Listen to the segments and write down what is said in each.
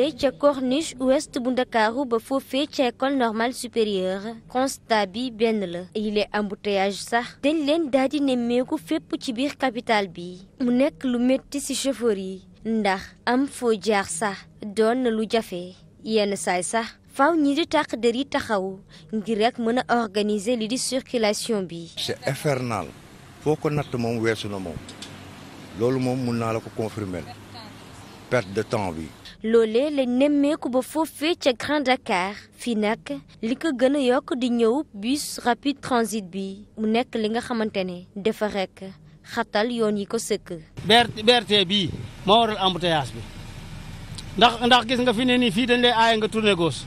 féete ca corniche ouest bu ndakaaru ba foofee ca école normale supérieure constat bi benn la yile embouteillage sax dañ leen daal di nemmeeku fépp ci biir capitale bi mu nekk lu metti ci chauffeur yi ndax am foo jaar sax doon na lu jafe yenn saay sax faaw ñi di tàq der yi taxaw ngir rek mën a organiser li di circulation bi. c'est infernal foo ko natt moom weesu na moom loolu moom mën naa la ko confirmer perte de temps bi. loolee lañ nemmeeku ba foofee ca Grand Dakar fii nag li ko gën a yokk di ñëw bus rapide transit bi mu nekk li nga xamante ne dafa rek xatal yoon yi ko sëkk. BRT bi moo waral embouteillage bi ndax ndax gis nga fi ne nii fii dañ lay aaye nga tourné gauche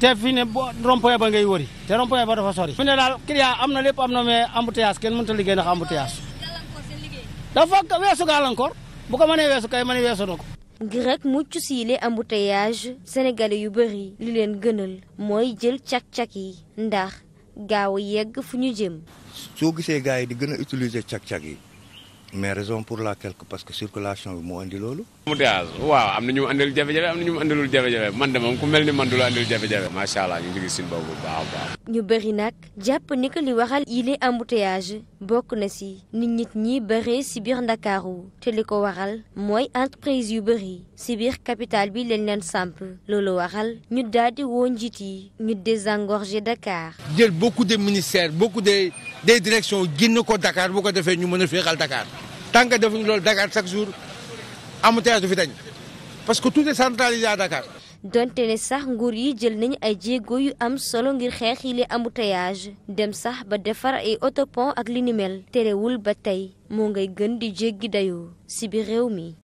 te fi ne boo rond-point ba ngay wëri te rond-point ba dafa sori. fi ne daal am na lépp am na mais embouteillage kenn mënut a liggéey ndax embouteillage dafa weesu gàllankoor bu ko mënee weesu kay mënee weesu na ngir rek mucc si le embouteillage sénégalais yu bëri li leen gënal mooy jël cak-cak yi ndax gaaw a yegg fu ñu jëm. soo gisee gars yi di gën a utiliser cak-cak yi. mais raison pour laquelle parce que circulation bi moo andi loolu. embouteillage waaw am na ñu andil jafe-jafe am na ñu andilul jafe-jafe man de moom ku mel ni man du la andil jafe-jafe. macha allah ñu ngi gis baax baax. ñu bëri nag jàpp ni que li waxal yile embouteillage bokk na si nit ñi ñi bëree si biir ndakaaru te li ko waxal mooy entreprise yu bëri si biir capitale bi leen leen samp loolu waxal ñu daal di woo njiit yi ñu désengorger Dakar. jël bokk de ministère beaucoup de. des directions génn ko Dakar boo ko defee ñu mën a féexal Dakar tant que defuñu loolu Dakar chaque jour embouteillage du fi dañ parce que tout est centralisé à Dakar. donte ne sax nguur yi jël nañu ay jéego yu am solo ngir xeex yi li embouteillage dem sax ba defar ay autopont ak li ni mel terewul ba tey moo ngay gën di jéggi dayoo si biir réew mi.